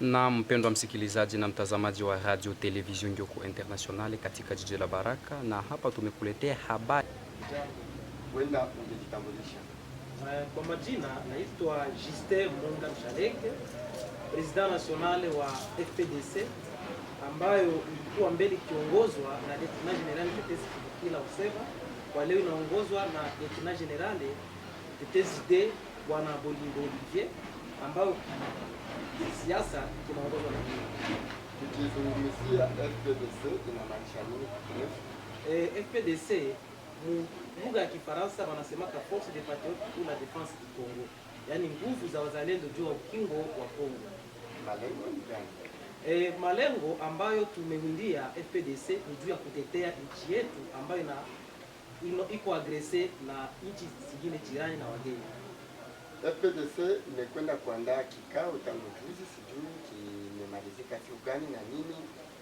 na mpendwa msikilizaji na mtazamaji wa radio television Ngyoku International katika jiji la Baraka, na hapa tumekuletea habari. Kwenda kujitambulisha eh, Kwa majina naitwa Justin Munda Mshaleke, president national wa FPDC ambayo ilikuwa mbele ikiongozwa na Lieutenant General Tetesi Kila Useva, kwa leo inaongozwa na Lieutenant General Tetesi D Bwana Bolingo Olivier ambayo siasa kinaongozwa na nini? Tukizungumzia FPDC tunamaanisha nini? Eh, FPDC mu lugha ya Kifaransa wanasemaka Force de Patriotes pour la Defense du Congo, yaani nguvu za wazalendo juu ya ukingo wa Kongo. Malengo ni gani? E, malengo ambayo tumewindia FPDC ni juu ya kutetea nchi yetu ambayo ina, iko agrese na nchi zingine jirani na wageni. FPDC imekwenda kuandaa kikao tangu juzi, sijui kimemalizika siku gani na nini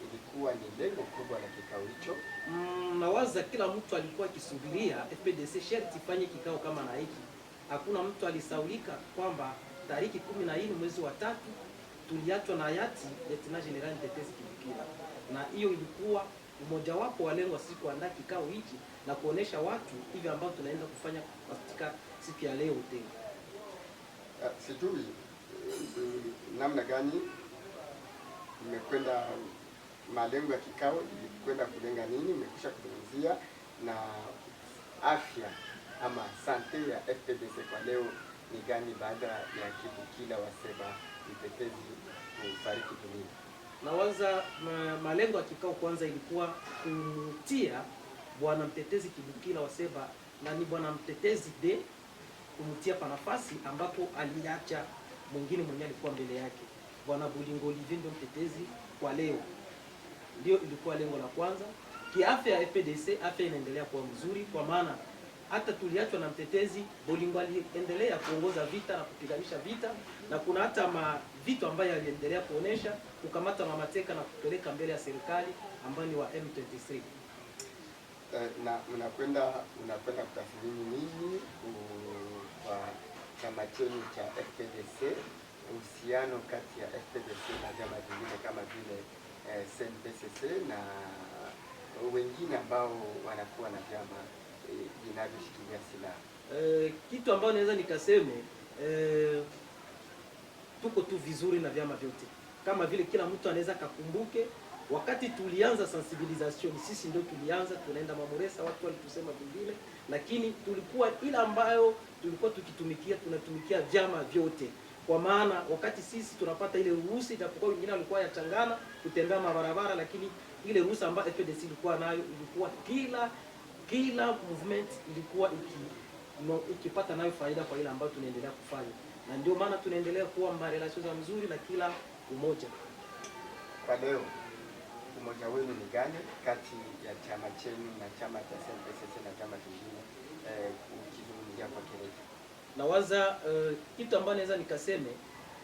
ilikuwa ni lengo kubwa la kikao hicho. Mm, nawaza kila mtu alikuwa akisubiria FPDC sherti ifanye kikao kama na hiki. Hakuna mtu alisaulika kwamba tariki kumi na nne mwezi wa tatu tuliachwa na hayati Lieutenant general Tetesi Kibukira, na hiyo ilikuwa wapo wa lengo siku kuandaa kikao hiki na kuonesha watu hivi ambao tunaenda kufanya katika siku ya leo tena Ah, Sijui eh, namna gani imekwenda malengo ya kikao ilikwenda kulenga nini? Mmekwisha kuzungumzia na afya ama sante ya FPDC kwa leo ni gani, baada ya Kibukila waseba mtetezi kufariki dunia? Nawaza ma, malengo ya kikao kwanza ilikuwa kumtia bwana mtetezi Kibukila waseba na ni bwana mtetezi de kumtia pa nafasi ambapo aliacha mwingine mwenye alikuwa mbele yake. Bwana Bulingo Olivier ndio mtetezi kwa leo, ndio ilikuwa lengo la kwanza. Kiafya ya FPDC, afya inaendelea kuwa mzuri, kwa maana hata tuliachwa na mtetezi Bolingo aliendelea kuongoza vita na kupiganisha vita, na kuna hata vitu ambayo aliendelea kuonesha kukamata mamateka na kupeleka mbele ya serikali ambayo ni wa M23 eh, na mnakwenda mnakwenda kutathmini nini kwa chama chenu cha FPDC, uhusiano kati ya FPDC na vyama vingine kama vile eh, SNPCC na wengine ambao wanakuwa na vyama eh, vinavyoshikilia eh, silaha eh, kitu ambayo naweza nikaseme eh, tuko tu vizuri na vyama vyote, kama vile kila mtu anaweza kakumbuke Wakati tulianza sensibilization, sisi ndio tulianza tunaenda mamoresa, watu walitusema vingine, lakini tulikuwa ile ambayo tulikuwa tukitumikia, tunatumikia vyama vyote, kwa maana wakati sisi tunapata ile ruhusa, ijapokuwa wengine walikuwa yachangana kutembea mabarabara, lakini ile ruhusa ambayo FDC ilikuwa nayo ilikuwa kila kila movement ilikuwa iki, ikipata nayo faida kwa ile ambayo tunaendelea kufanya, na ndio maana tunaendelea kuwa marelations mzuri na kila umoja kwa leo umoja wenu ni gani kati ya chama chenu na chama cha SNPSS na chama kingine eh, ukizungumzia kwa kirefu? Nawaza uh, kitu ambacho naweza nikaseme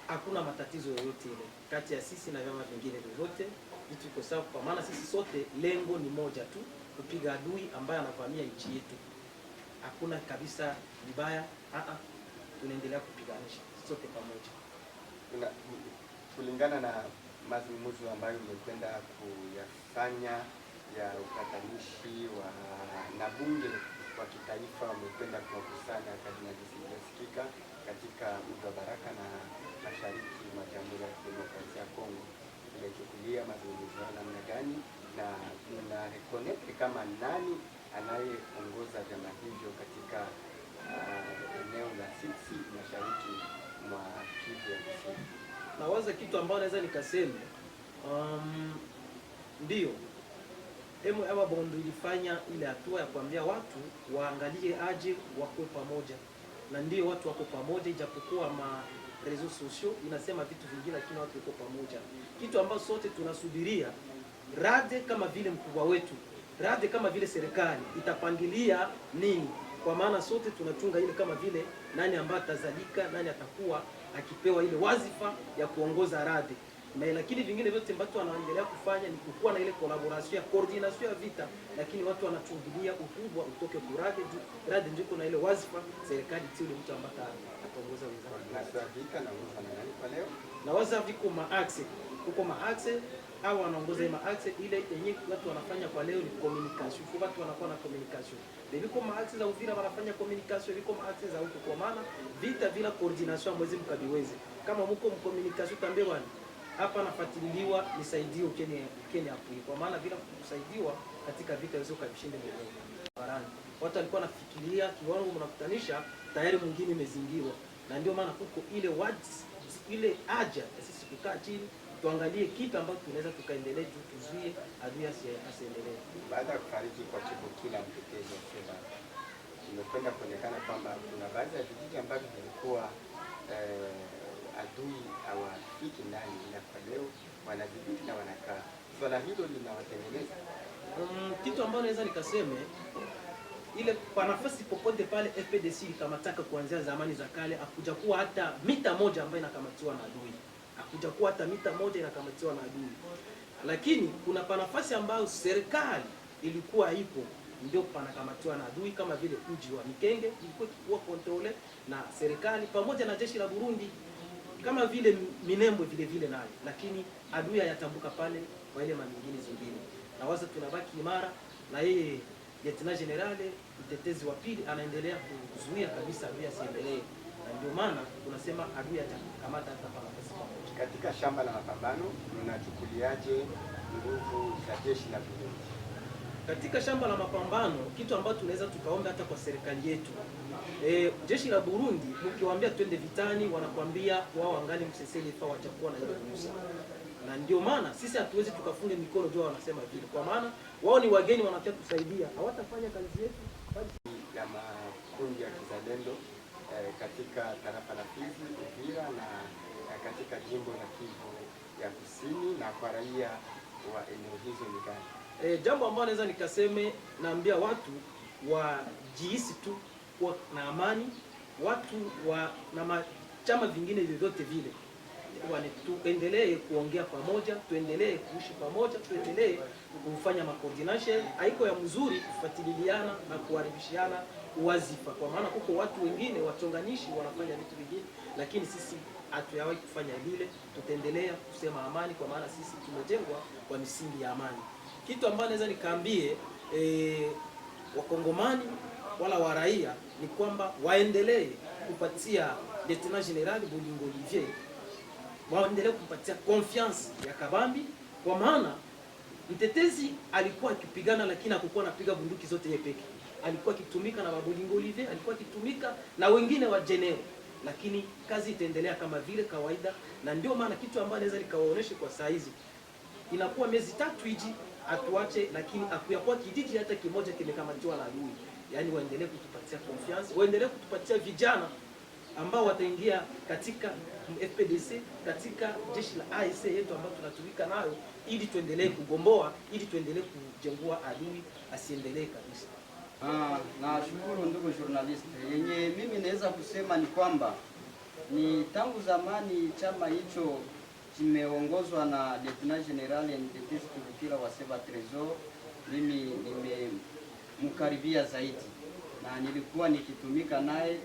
hakuna matatizo yoyote ile kati ya sisi na vyama vingine vyovyote, vitu iko sawa, kwa maana sisi sote lengo ni moja tu, kupiga adui ambaye anavamia nchi yetu. Hakuna kabisa vibaya, a ah, ah, tunaendelea kupiganisha sote pamoja kulingana na mazungumzo ambayo umekwenda kuyafanya ya upatanishi wa na bunge wa kitaifa, umekwenda kuwakusanya kajinajisijasikika katika mji wa Baraka na mashariki mwa Jamhuri ya Kidemokrasia ya Kongo, umechukulia mazungumzo ya namna gani na una reconnect kama nani anayeongoza vyama hivyo katika ah, eneo la sisi mashariki mwa Kivu ya Kusini? nawaza kitu ambayo naweza nikasema um, ndio, emu MAWA Bondo ilifanya ile hatua ya kuambia watu waangalie aje wakuwe pamoja, na ndio watu wako pamoja, ijapokuwa ma reseaux sociaux inasema vitu vingine, lakini watu wako pamoja, kitu ambayo sote tunasubiria rade kama vile mkubwa wetu rade kama vile serikali itapangilia nini, kwa maana sote tunachunga ile kama vile nani ambaye atazalika, nani atakuwa akipewa ile wazifa ya kuongoza radhi na lakini vingine vyote ambavyo wanaendelea kufanya ni kukuwa na ile collaboration ya coordination ya vita, lakini watu wanachungulia ukubwa utoke kuradi tu radhi ndiko na ile wazifa serikali tu ile mtu ambaye ataongoza wizara na waza viko ma axe kuko ma axe au wanaongoza ma axe ile yenye watu wanafanya kwa leo ni communication. Kwa watu wanakuwa na communication. Biko ma axe za Uvira wanafanya communication, biko ma axe za huko kwa maana vita bila coordination mwezi mkabiweze. Kama mko mcommunication tambe bwana. Hapa nafatiliwa nisaidie ukeni ukeni hapo. Kwa maana bila kusaidiwa katika vita hizo kabishinde mbele. Barani. Watu walikuwa nafikiria kiwango mnakutanisha tayari mwingine imezingirwa. Na ndio maana huko ile words ile aja sisi kukaa chini tuangalie kitu ambacho tunaweza tukaendelea juu tuzuie adui asiendelee. Baada ya kufariki kwa Chebukila Mtetezi Feba, imekwenda kuonekana kwamba kuna baadhi ya vijiji ambavyo vilikuwa eh, adui hawafiki ndani, na kwa leo wanajibiti na wanakaa. Swala hilo linawatengeneza um, kitu ambayo naweza nikaseme ile kwa nafasi popote pale FPDC ilikamataka kuanzia zamani za kale, akuja kuwa hata mita moja ambayo inakamatiwa na adui hakutakuwa hata mita moja inakamatiwa na adui, lakini kuna panafasi ambayo serikali ilikuwa ipo ndio panakamatiwa na adui, kama vile mji wa Mikenge ilikuwa ikikuwa kontrole na serikali pamoja na jeshi la Burundi, kama vile Minembwe vile vile nayo, lakini adui hayatambuka pale kwa ile mamingine zingine, na waza tunabaki imara na yeye Lieutenant General mtetezi wa pili anaendelea kuzuia kabisa adui asiendelee, na ndio maana tunasema adui atakamata hata katika shamba la mapambano mnachukuliaje nguvu za jeshi la polisi katika shamba la mapambano? Kitu ambacho tunaweza tukaomba hata kwa serikali yetu e, jeshi la Burundi ukiwaambia twende vitani, wanakwambia wao angali fa wachakuwa na iusa na ndio maana sisi hatuwezi tukafunge mikono jua wanasema vile, kwa maana wao ni wageni, wanataka kusaidia, hawatafanya kazi yetu ya makundi ya kizalendo eh, katika tarafa la Fizi Uvira na eh, katika jimbo la Kivu ya Kusini na kwa raia wa eneo hizo ni gani? E, jambo ambalo naweza nikaseme naambia watu wajihisi tu kuwa na amani, watu wa na chama vingine vyovyote vile tuendelee kuongea pamoja, tuendelee kuishi pamoja, tuendelee kufanya makoordination. haiko ya mzuri, kufuatiliana na kuharibishiana wazifa, kwa maana huko watu wengine watonganishi wanafanya vitu vingine, lakini sisi hatuyawahi kufanya vile. Tutaendelea kusema amani, kwa maana sisi tumejengwa kwa misingi ya amani. Kitu ambacho naweza nikaambie e, wakongomani wala waraia ni kwamba waendelee kupatia Lieutenant General Bulingo Olivier waendelee kumpatia confiance ya Kabambi, kwa maana mtetezi alikuwa akipigana, lakini hakukuwa anapiga bunduki zote yeye peke. Alikuwa akitumika na Babolingo Olive, alikuwa akitumika na wengine wa Jeneo, lakini kazi itaendelea kama vile kawaida, na ndio maana kitu ambacho naweza nikawaoneshe kwa saa hizi inakuwa miezi tatu hiji atuache, lakini akuyakuwa kijiji hata kimoja kimekamatiwa na adui. Yaani waendelee kutupatia confiance, waendelee kutupatia vijana ambao wataingia katika FPDC katika jeshi la AFC e yetu ambayo tunatumika nayo, ili tuendelee kugomboa, ili tuendelee kujengua adui asiendelee kabisa. Ah, shukuru ndugu journalist. Yenye mimi naweza kusema ni kwamba ni tangu zamani chama hicho kimeongozwa na Lieutenant General Ndekezi Kivukira wa Seva Tresor. Mimi nimemkaribia zaidi na nilikuwa nikitumika naye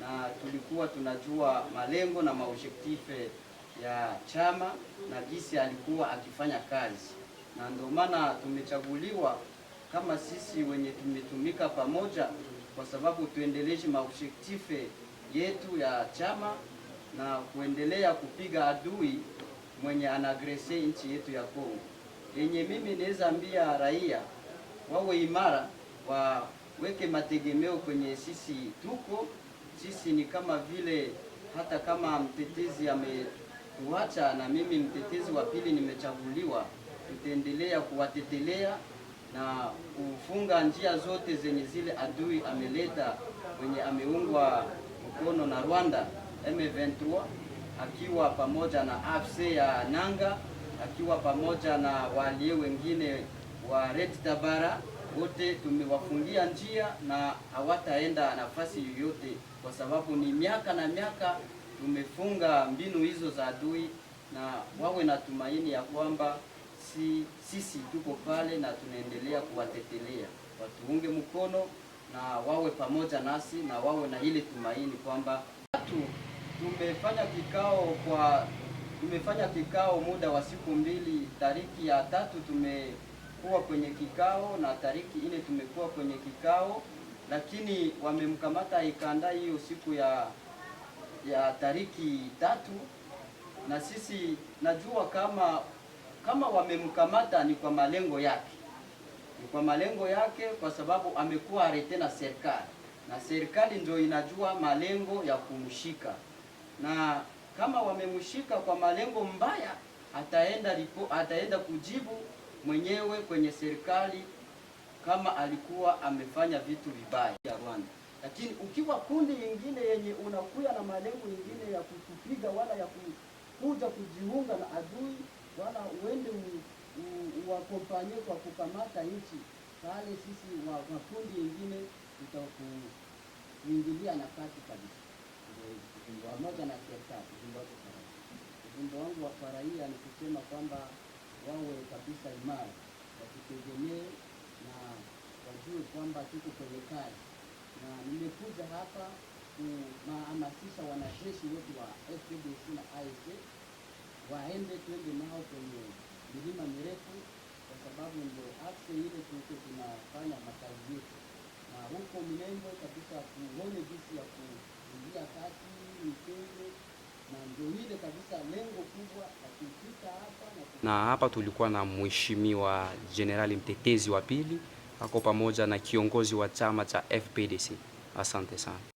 na tulikuwa tunajua malengo na maobjektife ya chama na jinsi alikuwa akifanya kazi, na ndio maana tumechaguliwa kama sisi wenye tumetumika pamoja, kwa sababu tuendeleze maobjektife yetu ya chama na kuendelea kupiga adui mwenye anagrese nchi yetu ya Kongo. Yenye mimi naweza ambia raia wawe imara, waweke mategemeo kwenye sisi tuko sisi ni kama vile hata kama mtetezi ametuacha na mimi mtetezi wa pili nimechaguliwa, tutaendelea kuwatetelea na kufunga njia zote zenye zile adui ameleta wenye ameungwa mkono na Rwanda M23 akiwa pamoja na AFC ya Nanga akiwa pamoja na walie wengine wa Red Tabara wote tumewafungia njia na hawataenda nafasi yoyote, kwa sababu ni miaka na miaka tumefunga mbinu hizo za adui, na wawe na tumaini ya kwamba si, sisi tuko pale na tunaendelea kuwatetelea. Watuunge mkono na wawe pamoja nasi na wawe na ile tumaini kwamba watu tumefanya kikao kwa tumefanya kikao muda wa siku mbili, tariki ya tatu tume tumekuwa kwenye kikao na tariki ile tumekuwa kwenye kikao, lakini wamemkamata Ikanda hiyo siku ya ya tariki tatu, na sisi najua kama kama wamemkamata ni kwa malengo yake, ni kwa malengo yake, kwa sababu amekuwa arete na serikali na serikali ndio inajua malengo ya kumshika, na kama wamemshika kwa malengo mbaya, ataenda ataenda kujibu mwenyewe kwenye serikali kama alikuwa amefanya vitu vibaya ya Rwanda. Lakini ukiwa kundi nyingine yenye unakuya na malengo yingine ya kukupiga wala ya kuja kujiunga na adui wala uende uwakompanye kwa kukamata nchi pale, sisi makundi yingine tutakuingilia na kati kabisa, pamoja na serikali. Ujumbe wangu wa faraia ni kusema kwamba wawe kabisa imara, wasitegemee na wajue kwamba tuko kwenye kazi, na nimekuja hapa kuhamasisha wanajeshi wetu wa FDC na AFC waende twende nao kwenye milima mirefu, kwa sababu ndio akse ile tuko tunafanya makazi yetu, na huko Minembwe kabisa kuone jinsi ya kuingia kati Mikenge na hapa tulikuwa na mheshimiwa jenerali mtetezi wa pili ako pamoja na kiongozi wa chama cha FPDC. Asante sana.